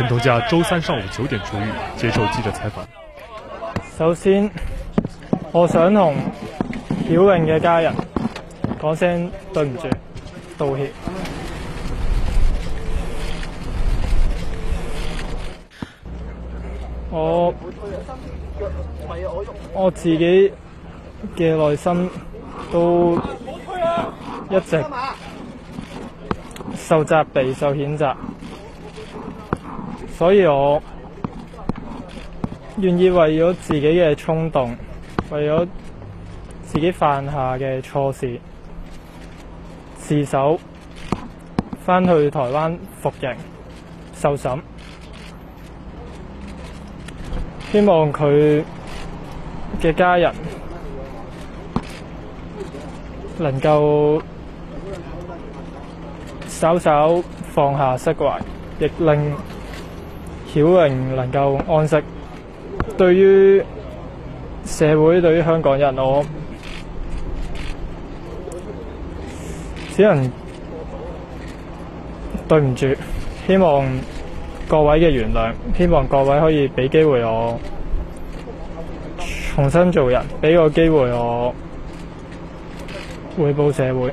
陳同佳周三上午九點出獄，接受記者採訪。首先，我想同曉穎嘅家人講聲對唔住，道歉。我我自己嘅內心都一直受責備、受譴責。所以我願意為咗自己嘅衝動，為咗自己犯下嘅錯事，自首返去台灣服刑受審，希望佢嘅家人能夠稍稍放下釋懷，亦令曉穎能夠安息，對於社會，對於香港人，我只能對唔住，希望各位嘅原諒，希望各位可以俾機會我重新做人，俾個機會我回報社會。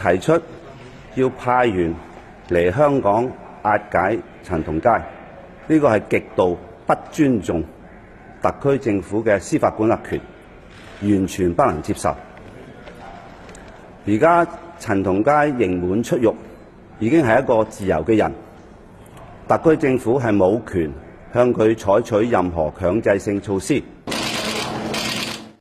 提出要派員嚟香港押解陳同佳，呢個係極度不尊重特區政府嘅司法管轄權，完全不能接受。而家陳同佳刑滿出獄，已經係一個自由嘅人，特區政府係冇權向佢採取任何強制性措施。